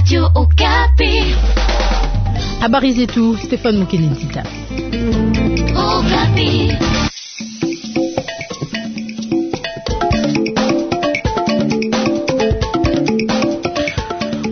Radio Okapi. Habari zetu Stefan Mukelintita. Okapi.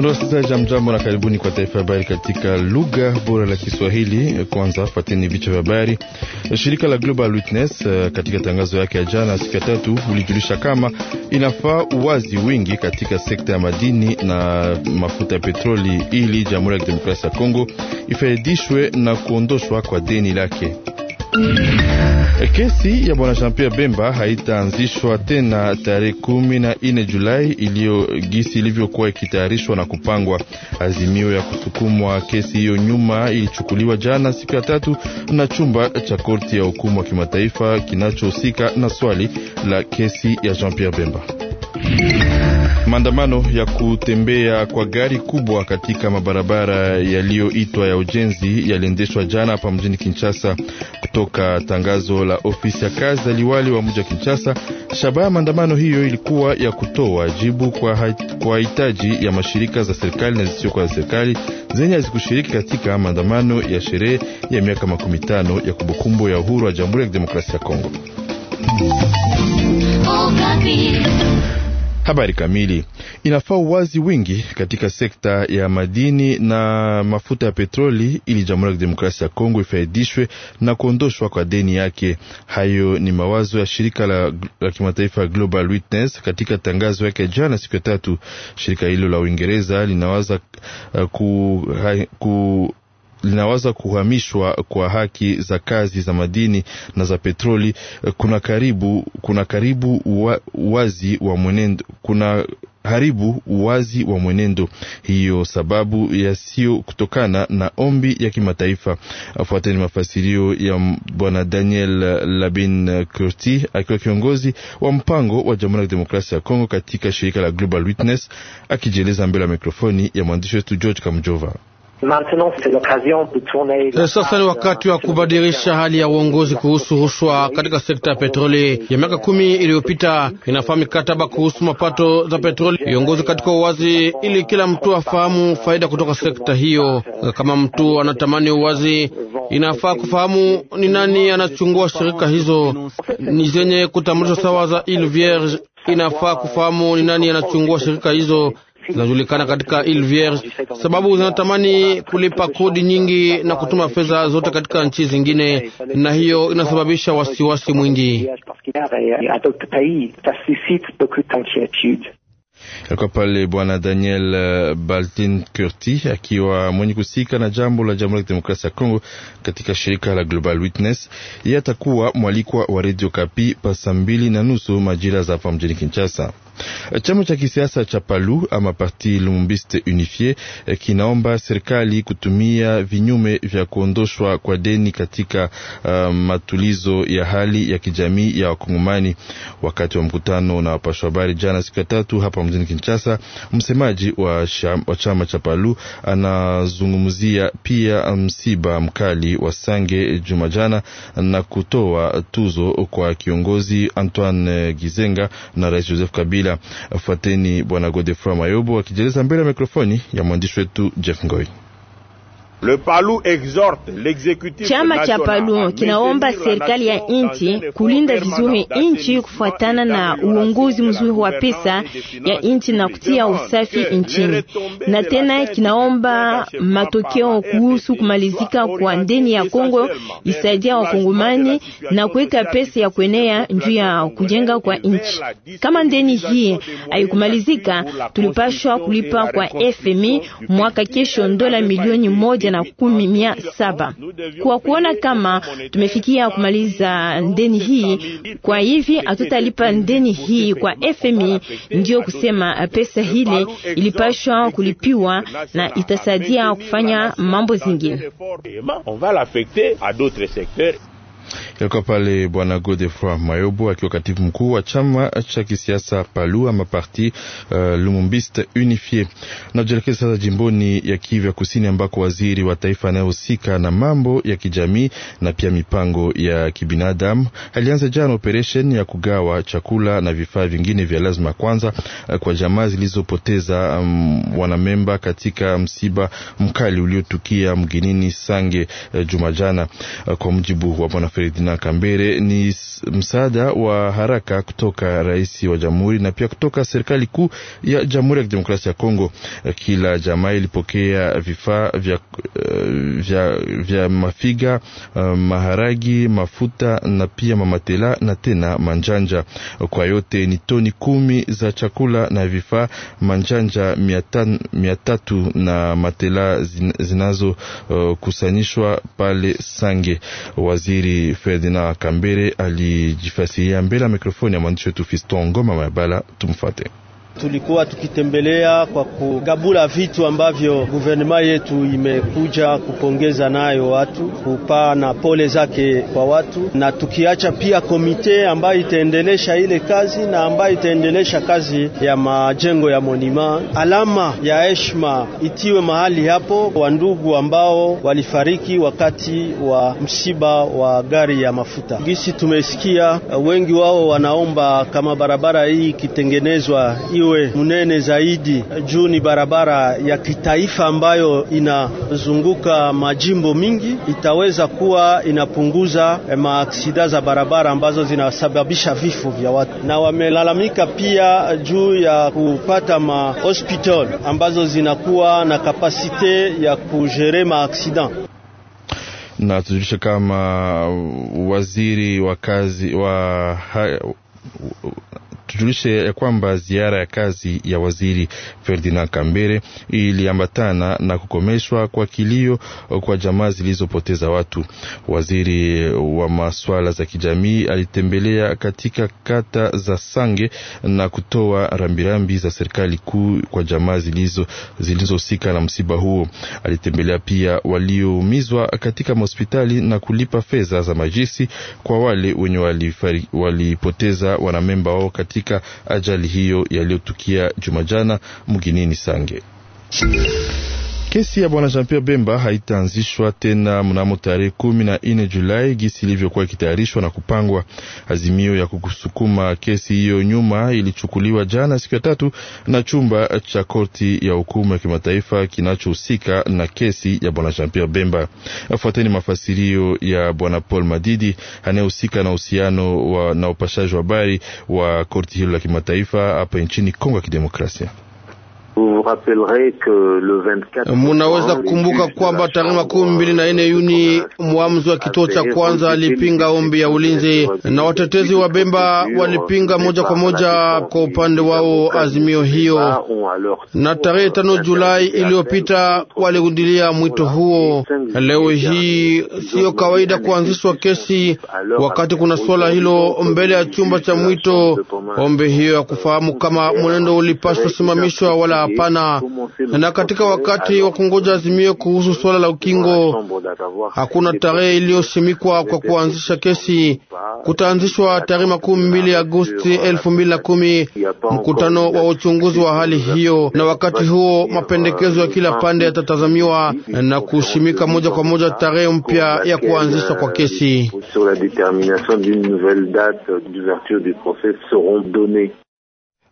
Wasikilizaji, mjambo na karibuni kwa taifa habari katika lugha bora la Kiswahili. Kwanza fateni vichwa vya habari. Shirika la Global Witness eh, katika tangazo yake ya jana siku ya tatu ulijulisha kama inafaa uwazi wingi katika sekta ya madini na mafuta ya petroli, ili Jamhuri ya Kidemokrasia ya Kongo ifaidishwe na kuondoshwa kwa deni lake. Kesi ya bwana Jean Pierre Bemba haitaanzishwa tena tarehe kumi na nne Julai iliyo gisi ilivyokuwa ikitayarishwa na kupangwa. Azimio ya kusukumwa kesi hiyo nyuma ilichukuliwa jana siku ya tatu na chumba cha korti ya hukumu wa kimataifa kinachohusika na swali la kesi ya Jean Pierre Bemba. Maandamano ya kutembea kwa gari kubwa katika mabarabara yaliyoitwa ya ujenzi yaliendeshwa jana hapa mjini Kinshasa, kutoka tangazo la ofisi ya kazi za liwali wa mji wa Kinshasa. Shabaha ya maandamano hiyo ilikuwa ya kutoa jibu kwa hitaji ya mashirika za serikali na zisizokuwa za serikali zenye hazikushiriki katika maandamano ya sherehe ya miaka makumi tano ya kumbukumbu ya uhuru wa Jamhuri ya Kidemokrasia ya Kongo. Oh, Habari kamili inafaa uwazi wingi katika sekta ya madini na mafuta ya petroli ili Jamhuri ya Kidemokrasia ya Kongo ifaidishwe na kuondoshwa kwa deni yake. Hayo ni mawazo ya shirika la, la kimataifa Global Witness katika tangazo yake jana siku ya tatu. Shirika hilo la Uingereza linawaza uh, ku, hai, ku linaweza kuhamishwa kwa haki za kazi za madini na za petroli. Eh, kuna karibu, kuna karibu wa, wazi wa mwenendo kuna haribu uwazi wa mwenendo hiyo sababu yasiyo kutokana na ombi ya kimataifa. Afuateni mafasirio ya Bwana Daniel Labin Kurti akiwa kiongozi wa mpango wa Jamhuri ya Kidemokrasia ya Kongo katika shirika la Global Witness akijieleza mbele ya mikrofoni ya mwandishi wetu George Kamjova. Sasa ni wakati wa kubadilisha hali ya uongozi kuhusu rushwa katika sekta ya petroli. Ya miaka kumi iliyopita inafaa mikataba kuhusu mapato za petroli iongozi katika uwazi, ili kila mtu afahamu faida kutoka sekta hiyo. Kama mtu anatamani uwazi, inafaa kufahamu ni nani anachungua shirika hizo, ni zenye kutambulishwa sawa za il vierge. Inafaa kufahamu ni nani anachungua shirika hizo zinajulikana katika Ile Vierge, sababu zinatamani kulipa kodi nyingi na kutuma fedha zote katika nchi zingine, na hiyo inasababisha wasiwasi mwingi. Alikuwa pale Bwana Daniel eh, Baltin Curti akiwa mwenye kusika na jambo la Jamhuri ya Kidemokrasia ya Kongo katika shirika la Global Witness. Yeye atakuwa mwalikwa wa Radio Kapi pa saa mbili na nusu majira za hapa mjini Kinshasa. Chama cha kisiasa cha PALU ama Parti Lumumbiste Unifie eh, kinaomba serikali kutumia vinyume vya kuondoshwa kwa deni katika uh, matulizo ya hali ya kijamii ya wakongomani. Wakati wa mkutano na wapasha habari jana siku ya tatu hapa mjini Kinshasa, msemaji wa, wa chama cha PALU anazungumzia pia msiba mkali wa Sange juma jana na kutoa tuzo kwa kiongozi Antoine Gizenga na Rais Joseph Kabila Kabila. Fuateni bwana Godefroid Mayobo akijieleza mbele ya mikrofoni ya mwandishi wetu Jeff Ngoi. Chama cha PALU kinaomba serikali ya nchi kulinda vizuri nchi kufuatana na uongozi mzuri wa pesa ya nchi na kutia usafi nchini, na tena kinaomba matokeo kuhusu kumalizika kwa ndeni ya Kongo isaidia wakongomani na kuweka pesa ya kuenea njuu ya kujenga kwa nchi. Kama ndeni hii haikumalizika, tulipashwa kulipa kwa FMI mwaka kesho dola milioni moja na kumi mia saba kwa kuona kama tumefikia kumaliza ndeni hii. Kwa hivi hatutalipa ndeni hii kwa FMI, ndio kusema pesa hile ilipashwa kulipiwa na itasaidia kufanya mambo zingine. Ilikuwa pale bwana Godefroi Mayobo akiwa katibu mkuu wa chama cha kisiasa Palu ama parti uh, Lumumbiste Unifie. Na sasa jimboni ya Kivu ya Kusini ambako waziri wa taifa anayehusika na mambo ya kijamii na pia mipango ya kibinadamu alianza jana operesheni ya kugawa chakula na vifaa vingine vya lazima kwanza uh, kwa jamaa zilizopoteza um, wanamemba katika msiba mkali uliotukia mginini Sange uh, Jumajana uh, kwa mjibu wa bwana Ferdinand Kambere ni msaada wa haraka kutoka rais wa jamhuri na pia kutoka serikali kuu ya Jamhuri ya Kidemokrasia ya Kongo. Kila jamaa ilipokea vifaa vya, eh, vya, vya mafiga, eh, maharagi, mafuta na pia mamatela na tena manjanja. Kwa yote ni toni kumi za chakula na vifaa manjanja mia tatu na matela zinazokusanyishwa eh, pale Sange. Waziri Ferdinand Kambere alijifasiria mbele ya mikrofoni ya mwandishi wetu Fiston Ngoma Mabala, Tumfuate. Tulikuwa tukitembelea kwa kugabula vitu ambavyo guvernema yetu imekuja kupongeza nayo watu, na pole zake kwa watu, na tukiacha pia komite ambayo itaendelesha ile kazi na ambayo itaendelesha kazi ya majengo ya monima. Alama ya heshima itiwe mahali hapo, ndugu ambao walifariki wakati wa msiba wa gari ya mafuta. Gisi tumesikia wengi wao wanaomba kama barabara hii ikitengenezwa iwe mnene zaidi, juu ni barabara ya kitaifa ambayo inazunguka majimbo mingi, itaweza kuwa inapunguza eh, maaksida za barabara ambazo zinasababisha vifo vya watu, na wamelalamika pia eh, juu ya kupata ma hospital ambazo zinakuwa na kapasite ya kujere maaksida na tujulishe kama uh, waziri wa kazi wa tujulishe ya kwamba ziara ya kazi ya waziri Ferdinand Kambere iliambatana na kukomeshwa kwa kilio kwa jamaa zilizopoteza watu. Waziri wa masuala za kijamii alitembelea katika kata za Sange na kutoa rambirambi za serikali kuu kwa jamaa zilizo zilizohusika na msiba huo. Alitembelea pia walioumizwa katika hospitali na kulipa fedha za majisi kwa wale wenye walipoteza wanamemba wao katika katika ajali hiyo yaliyotukia Jumajana mginini Sange. Kesi ya bwana Jean Pierre Bemba haitaanzishwa tena mnamo tarehe kumi na nne Julai gisi ilivyokuwa ikitayarishwa na kupangwa. Azimio ya kusukuma kesi hiyo nyuma ilichukuliwa jana siku ya tatu na chumba cha korti ya hukumu ya kimataifa kinachohusika na kesi ya bwana Jean Pierre Bemba. Afuateni mafasirio ya bwana Paul Madidi anayehusika na uhusiano na upashaji wa habari wa korti hilo la kimataifa hapa nchini Kongo ya Kidemokrasia. Euh, munaweza kukumbuka kwamba tarehe makumi mbili na nne Yuni mwamuzi wa kituo cha kwanza alipinga ombi ya ulinzi, na watetezi wa Bemba walipinga moja kwa moja kwa upande wao azimio hiyo, na tarehe tano Julai iliyopita walirudilia mwito huo. Leo hii siyo kawaida kuanzishwa kesi wakati kuna swala hilo mbele ya chumba cha mwito. Ombi hiyo ya kufahamu kama mwenendo ulipaswa simamishwa wala hapana. Na katika wakati wa kungoja azimio kuhusu suala la ukingo, hakuna tarehe iliyosimikwa kwa kuanzisha kesi. Kutaanzishwa tarehe makumi mbili Agosti elfu mbili na kumi mkutano wa uchunguzi wa hali hiyo, na wakati huo mapendekezo ya kila pande yatatazamiwa na kushimika moja kwa moja tarehe mpya ya kuanzishwa kwa kesi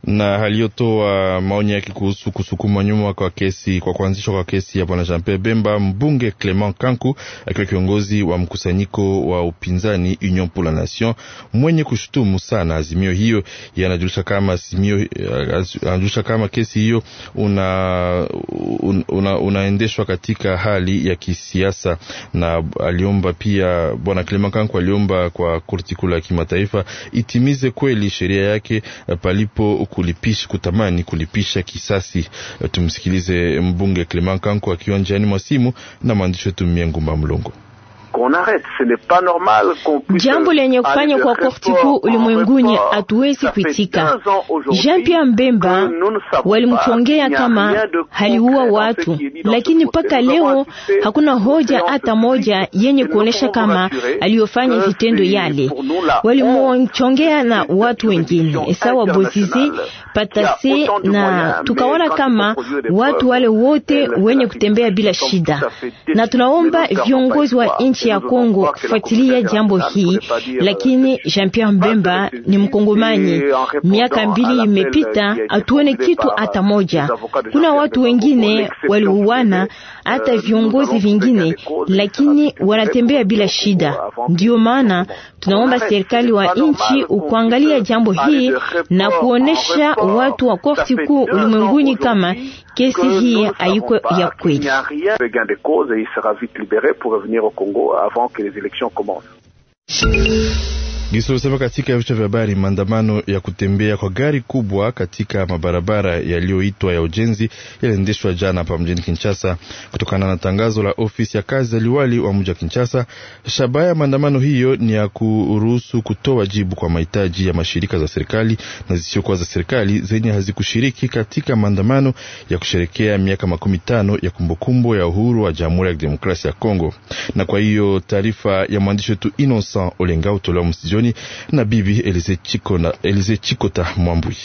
na aliyotoa maoni yake kuhusu kusukuma nyuma kwa kesi kwa kuanzishwa kwa kesi ya bwana Jean Pierre Bemba, mbunge Clement Kanku akiwa kiongozi wa mkusanyiko wa upinzani Union pour la Nation mwenye kushutumu sana azimio hiyo. Anajulisha kama azimio anajulisha kama kesi hiyo una, una, una, unaendeshwa katika hali ya kisiasa, na aliomba pia bwana Clement Kanku aliomba kwa korti kuu la kimataifa itimize kweli sheria yake eh, palipo kulipisha, kutamani kulipisha kisasi. Tumsikilize mbunge Clement Kanko akiwa njiani mwa simu na maandishi yetu Mie Ngumba mlungu qu'on arrête. Ce n'est pas normal qu'on puisse jambo lenye kufanya kwa korti kuu ulimwenguni hatuwezi kuitika. Jean Pierre Mbemba walimchongea kama haliua watu, lakini mpaka leo hakuna hoja hata moja yenye kuonesha kama aliyofanya vitendo yale. Walimchongea na watu wengine sawa Bozizi Patase, na tukaona kama watu wale wote wenye kutembea bila shida, na tunaomba viongozi wa nchi nchi ya Kongo kufuatilia jambo hii, lakini Jean Pierre Mbemba ni Mkongomani. Miaka mbili imepita, hatuone kitu hata moja. Kuna watu wengine waliuana, hata viongozi vingine, lakini wanatembea bila shida. Ndio maana tunaomba serikali wa nchi ukuangalia jambo hii na kuonesha watu wa korti kuu ulimwenguni kama n'y a de gain de cause et Il sera vite libéré pour revenir au Congo avant que les élections commencent. Gisi usema katika vichwa vya habari, maandamano ya kutembea kwa gari kubwa katika mabarabara yaliyoitwa ya ujenzi yaliendeshwa jana hapa mjini Kinshasa kutokana na tangazo la ofisi ya kazi za liwali wa mji wa Kinshasa. Shabaha ya maandamano hiyo ni ya kuruhusu kutoa jibu kwa mahitaji ya mashirika za serikali na zisizokuwa za serikali zenye hazikushiriki katika maandamano ya kusherekea miaka makumi tano ya kumbukumbu ya uhuru wa Jamhuri ya Kidemokrasia ya Kongo. Na kwa hiyo taarifa ya mwandishi wetu Innocent Olenga utolewa msijoni jioni na bibi Elize Chikota Mwambui.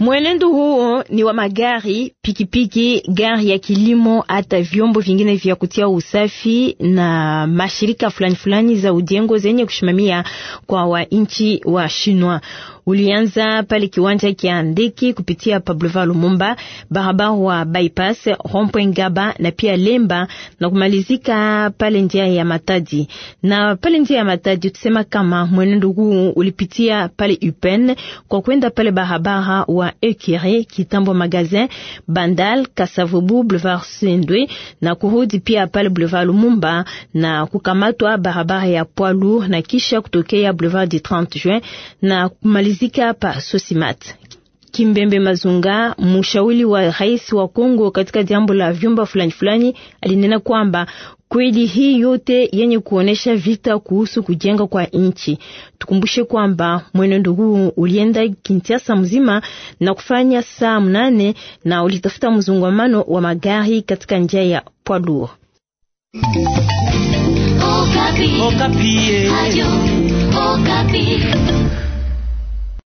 Mwenendo huo ni wa magari, pikipiki, gari ya kilimo, hata vyombo vingine vya kutia usafi na mashirika fulani fulani za ujengo zenye kushimamia kwa wainchi wa Shinwa. Ulianza pale kiwanja kia Ndeki kupitia Pablova Lumumba, barabara wa bypass Rompwe Ngaba na pia Lemba na kumalizika pale njia ya Matadi. Na pale njia ya Matadi tusema kama mwenendo huu ulipitia pale Upen kwa kwenda pale barabara wa wa Ekire, Kitambo Magazin, Bandal, Kasavubu, Boulevard Sendwe na kurudi pia pale Boulevard Lumumba na kukamatwa barabara ya Poilu na kisha kutokea Boulevard du 30 Juin na kumalizika hapa Sosimat. Kimbembe Mazunga, mshauri wa rais wa Kongo katika jambo la vyumba fulani fulani, alinena kwamba kweli hii yote yenye kuonesha vita kuhusu kujenga kwa nchi. Tukumbushe kwamba mwenendo huu ulienda Kinshasa mzima na kufanya saa mnane na ulitafuta mzungumano wa magari katika njia ya Pwaluo. Okapi. Okapi.